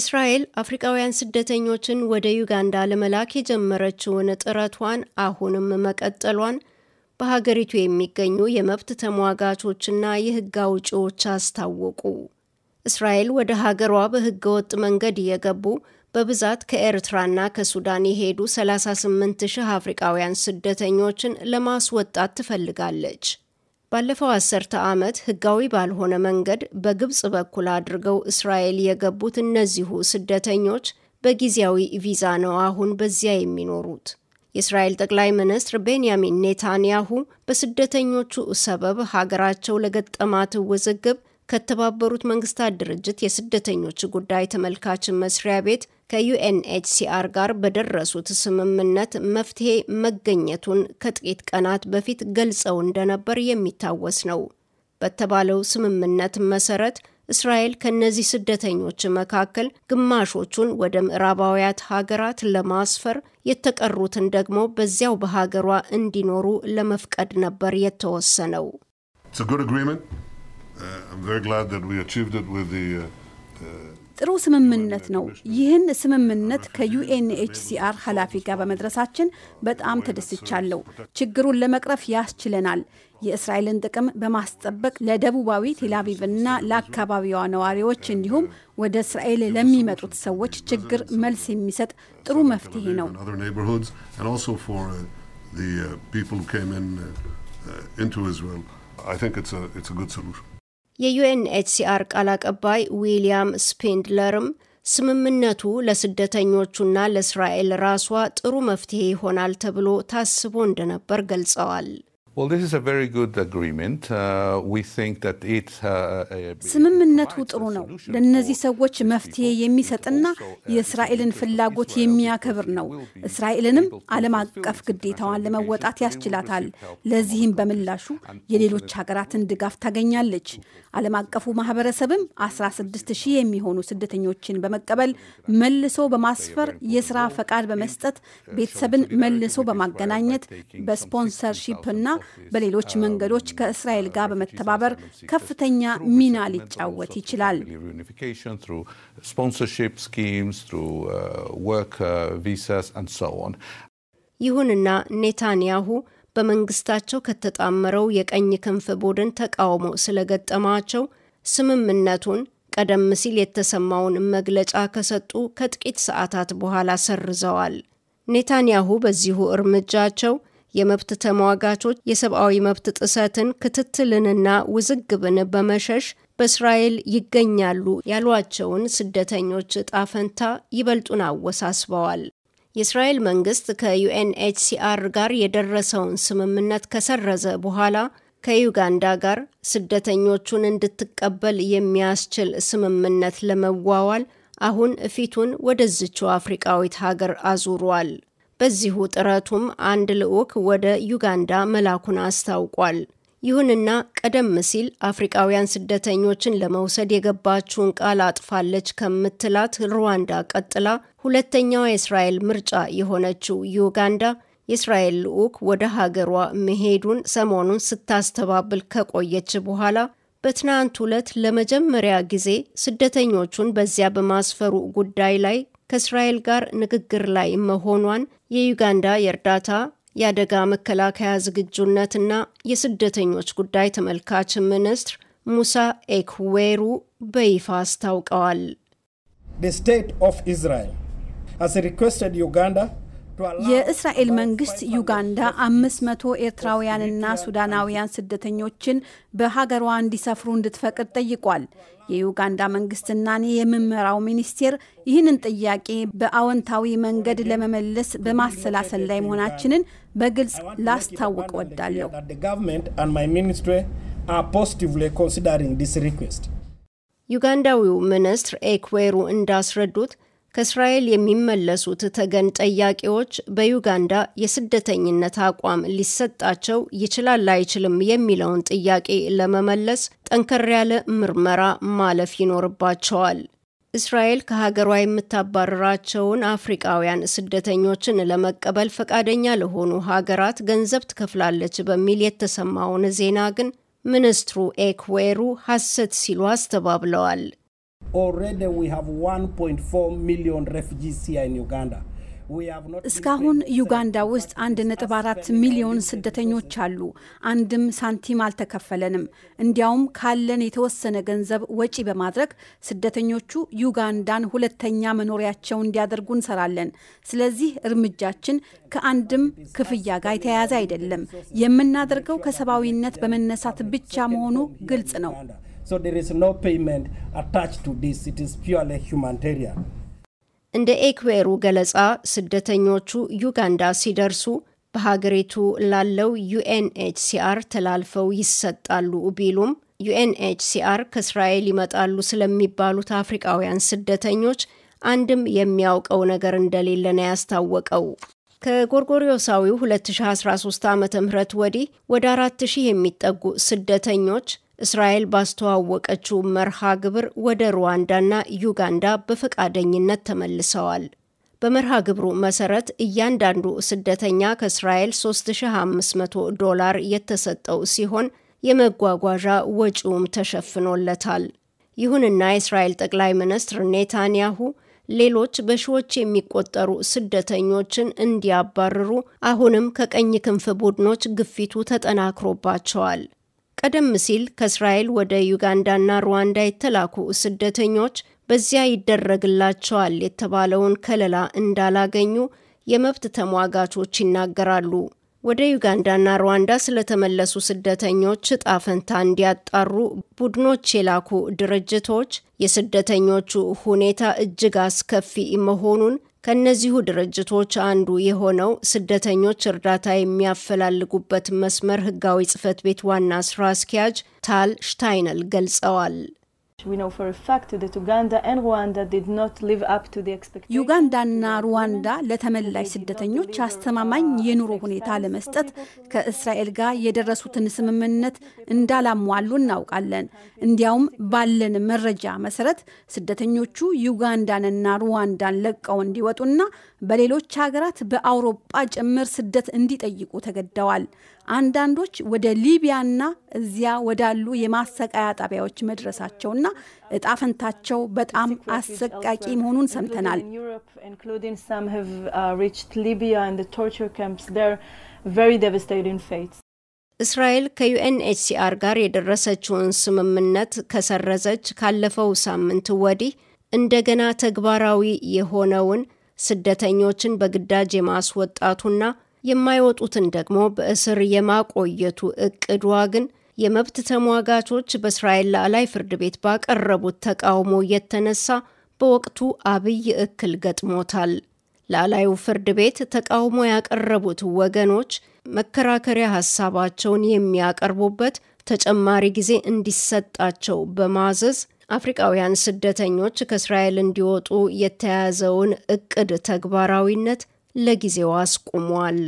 እስራኤል አፍሪቃውያን ስደተኞችን ወደ ዩጋንዳ ለመላክ የጀመረችውን ጥረቷን አሁንም መቀጠሏን በሀገሪቱ የሚገኙ የመብት ተሟጋቾችና የሕግ አውጪዎች አስታወቁ። እስራኤል ወደ ሀገሯ ወጥ መንገድ እየገቡ በብዛት ከኤርትራና ከሱዳን የሄዱ 38 ሺህ አፍሪቃውያን ስደተኞችን ለማስወጣት ትፈልጋለች። ባለፈው አስርተ ዓመት ህጋዊ ባልሆነ መንገድ በግብጽ በኩል አድርገው እስራኤል የገቡት እነዚሁ ስደተኞች በጊዜያዊ ቪዛ ነው አሁን በዚያ የሚኖሩት። የእስራኤል ጠቅላይ ሚኒስትር ቤንያሚን ኔታንያሁ በስደተኞቹ ሰበብ ሀገራቸው ለገጠማት ውዝግብ ከተባበሩት መንግስታት ድርጅት የስደተኞች ጉዳይ ተመልካች መስሪያ ቤት ከዩኤንኤችሲአር ጋር በደረሱት ስምምነት መፍትሄ መገኘቱን ከጥቂት ቀናት በፊት ገልጸው እንደነበር የሚታወስ ነው። በተባለው ስምምነት መሰረት እስራኤል ከእነዚህ ስደተኞች መካከል ግማሾቹን ወደ ምዕራባውያት ሀገራት ለማስፈር የተቀሩትን ደግሞ በዚያው በሀገሯ እንዲኖሩ ለመፍቀድ ነበር የተወሰነው። It's a ጥሩ ስምምነት ነው። ይህን ስምምነት ከዩኤንኤችሲአር ኃላፊ ጋር በመድረሳችን በጣም ተደስቻለሁ። ችግሩን ለመቅረፍ ያስችለናል። የእስራኤልን ጥቅም በማስጠበቅ ለደቡባዊ ቴልአቪቭና ለአካባቢዋ ነዋሪዎች እንዲሁም ወደ እስራኤል ለሚመጡት ሰዎች ችግር መልስ የሚሰጥ ጥሩ መፍትሄ ነው። uh, uh, uh, I think it's a it's a good solution. የዩኤንኤችሲአር ቃል አቀባይ ዊሊያም ስፔንድለርም ስምምነቱ ለስደተኞቹና ለእስራኤል ራሷ ጥሩ መፍትሄ ይሆናል ተብሎ ታስቦ እንደነበር ገልጸዋል። Uh, uh, uh, ስምምነቱ ጥሩ ነው። ለእነዚህ ሰዎች መፍትሄ የሚሰጥና የእስራኤልን ፍላጎት የሚያከብር ነው። እስራኤልንም ዓለም አቀፍ ግዴታዋን ለመወጣት ያስችላታል። ለዚህም በምላሹ የሌሎች ሀገራትን ድጋፍ ታገኛለች። ዓለም አቀፉ ማህበረሰብም 16 ሺህ የሚሆኑ ስደተኞችን በመቀበል መልሶ በማስፈር የስራ ፈቃድ በመስጠት ቤተሰብን መልሶ በማገናኘት በስፖንሰርሺፕ በሌሎች መንገዶች ከእስራኤል ጋር በመተባበር ከፍተኛ ሚና ሊጫወት ይችላል። ይሁንና ኔታንያሁ በመንግስታቸው ከተጣመረው የቀኝ ክንፍ ቡድን ተቃውሞ ስለገጠማቸው ስምምነቱን ቀደም ሲል የተሰማውን መግለጫ ከሰጡ ከጥቂት ሰዓታት በኋላ ሰርዘዋል። ኔታንያሁ በዚሁ እርምጃቸው የመብት ተሟጋቾች የሰብአዊ መብት ጥሰትን ክትትልንና ውዝግብን በመሸሽ በእስራኤል ይገኛሉ ያሏቸውን ስደተኞች ጣፈንታ ይበልጡን አወሳስበዋል። የእስራኤል መንግስት ከዩኤንኤችሲአር ጋር የደረሰውን ስምምነት ከሰረዘ በኋላ ከዩጋንዳ ጋር ስደተኞቹን እንድትቀበል የሚያስችል ስምምነት ለመዋዋል አሁን ፊቱን ወደዝችው አፍሪቃዊት ሀገር አዙሯል። በዚሁ ጥረቱም አንድ ልዑክ ወደ ዩጋንዳ መላኩን አስታውቋል። ይሁንና ቀደም ሲል አፍሪቃውያን ስደተኞችን ለመውሰድ የገባችውን ቃል አጥፋለች ከምትላት ሩዋንዳ ቀጥላ ሁለተኛዋ የእስራኤል ምርጫ የሆነችው ዩጋንዳ የእስራኤል ልዑክ ወደ ሀገሯ መሄዱን ሰሞኑን ስታስተባብል ከቆየች በኋላ በትናንት ዕለት ለመጀመሪያ ጊዜ ስደተኞቹን በዚያ በማስፈሩ ጉዳይ ላይ ከእስራኤል ጋር ንግግር ላይ መሆኗን የዩጋንዳ የእርዳታ የአደጋ መከላከያ ዝግጁነትና የስደተኞች ጉዳይ ተመልካች ሚኒስትር ሙሳ ኤክዌሩ በይፋ አስታውቀዋል። ስቴት ኦፍ ኢስራኤል ዩጋንዳ የእስራኤል መንግስት ዩጋንዳ አምስት መቶ ኤርትራውያንና ሱዳናውያን ስደተኞችን በሀገሯ እንዲሰፍሩ እንድትፈቅድ ጠይቋል። የዩጋንዳ መንግስትና እኔ የምመራው ሚኒስቴር ይህንን ጥያቄ በአዎንታዊ መንገድ ለመመለስ በማሰላሰል ላይ መሆናችንን በግልጽ ላስታውቅ ወዳለሁ። ዩጋንዳዊው ሚኒስትር ኤክዌሩ እንዳስረዱት ከእስራኤል የሚመለሱት ተገን ጠያቂዎች በዩጋንዳ የስደተኝነት አቋም ሊሰጣቸው ይችላል አይችልም የሚለውን ጥያቄ ለመመለስ ጠንከር ያለ ምርመራ ማለፍ ይኖርባቸዋል። እስራኤል ከሀገሯ የምታባረራቸውን አፍሪቃውያን ስደተኞችን ለመቀበል ፈቃደኛ ለሆኑ ሀገራት ገንዘብ ትከፍላለች በሚል የተሰማውን ዜና ግን ሚኒስትሩ ኤክዌሩ ሐሰት ሲሉ አስተባብለዋል። already we have 1.4 million refugees here in Uganda. እስካሁን ዩጋንዳ ውስጥ አንድ ነጥብ አራት ሚሊዮን ስደተኞች አሉ። አንድም ሳንቲም አልተከፈለንም። እንዲያውም ካለን የተወሰነ ገንዘብ ወጪ በማድረግ ስደተኞቹ ዩጋንዳን ሁለተኛ መኖሪያቸው እንዲያደርጉ እንሰራለን። ስለዚህ እርምጃችን ከአንድም ክፍያ ጋር የተያያዘ አይደለም። የምናደርገው ከሰብአዊነት በመነሳት ብቻ መሆኑ ግልጽ ነው። So there is no payment attached to this. It is purely humanitarian. እንደ ኤክዌሩ ገለጻ ስደተኞቹ ዩጋንዳ ሲደርሱ በሀገሪቱ ላለው ዩኤንኤችሲአር ተላልፈው ይሰጣሉ ቢሉም ዩኤንኤችሲአር ከእስራኤል ይመጣሉ ስለሚባሉት አፍሪቃውያን ስደተኞች አንድም የሚያውቀው ነገር እንደሌለ ነው ያስታወቀው። ከጎርጎሪዮሳዊው 2013 ዓ ም ወዲህ ወደ 4000 የሚጠጉ ስደተኞች እስራኤል ባስተዋወቀችው መርሃ ግብር ወደ ሩዋንዳና ዩጋንዳ በፈቃደኝነት ተመልሰዋል። በመርሃ ግብሩ መሰረት እያንዳንዱ ስደተኛ ከእስራኤል 3500 ዶላር የተሰጠው ሲሆን የመጓጓዣ ወጪውም ተሸፍኖለታል። ይሁንና የእስራኤል ጠቅላይ ሚኒስትር ኔታንያሁ ሌሎች በሺዎች የሚቆጠሩ ስደተኞችን እንዲያባርሩ አሁንም ከቀኝ ክንፍ ቡድኖች ግፊቱ ተጠናክሮባቸዋል። ቀደም ሲል ከእስራኤል ወደ ዩጋንዳና ሩዋንዳ የተላኩ ስደተኞች በዚያ ይደረግላቸዋል የተባለውን ከለላ እንዳላገኙ የመብት ተሟጋቾች ይናገራሉ። ወደ ዩጋንዳና ሩዋንዳ ስለተመለሱ ስደተኞች እጣ ፈንታ እንዲያጣሩ ቡድኖች የላኩ ድርጅቶች የስደተኞቹ ሁኔታ እጅግ አስከፊ መሆኑን ከእነዚሁ ድርጅቶች አንዱ የሆነው ስደተኞች እርዳታ የሚያፈላልጉበት መስመር ህጋዊ ጽፈት ቤት ዋና ስራ አስኪያጅ ታል ሽታይነል ገልጸዋል። ዩጋንዳና ሩዋንዳ ለተመላሽ ስደተኞች አስተማማኝ የኑሮ ሁኔታ ለመስጠት ከእስራኤል ጋር የደረሱትን ስምምነት እንዳላሟሉ እናውቃለን። እንዲያውም ባለን መረጃ መሰረት ስደተኞቹ ዩጋንዳንና ሩዋንዳን ለቀው እንዲወጡና በሌሎች ሀገራት በአውሮጳ ጭምር ስደት እንዲጠይቁ ተገደዋል። አንዳንዶች ወደ ሊቢያና እዚያ ወዳሉ የማሰቃያ ጣቢያዎች መድረሳቸውና እጣፈንታቸው በጣም አሰቃቂ መሆኑን ሰምተናል። እስራኤል ከዩኤንኤችሲአር ጋር የደረሰችውን ስምምነት ከሰረዘች ካለፈው ሳምንት ወዲህ እንደገና ተግባራዊ የሆነውን ስደተኞችን በግዳጅ የማስወጣቱና የማይወጡትን ደግሞ በእስር የማቆየቱ እቅዷ ግን የመብት ተሟጋቾች በእስራኤል ላይ ፍርድ ቤት ባቀረቡት ተቃውሞ የተነሳ በወቅቱ አብይ እክል ገጥሞታል። ላላዩ ፍርድ ቤት ተቃውሞ ያቀረቡት ወገኖች መከራከሪያ ሀሳባቸውን የሚያቀርቡበት ተጨማሪ ጊዜ እንዲሰጣቸው በማዘዝ አፍሪቃውያን ስደተኞች ከእስራኤል እንዲወጡ የተያዘውን እቅድ ተግባራዊነት ለጊዜው አስቁሟል።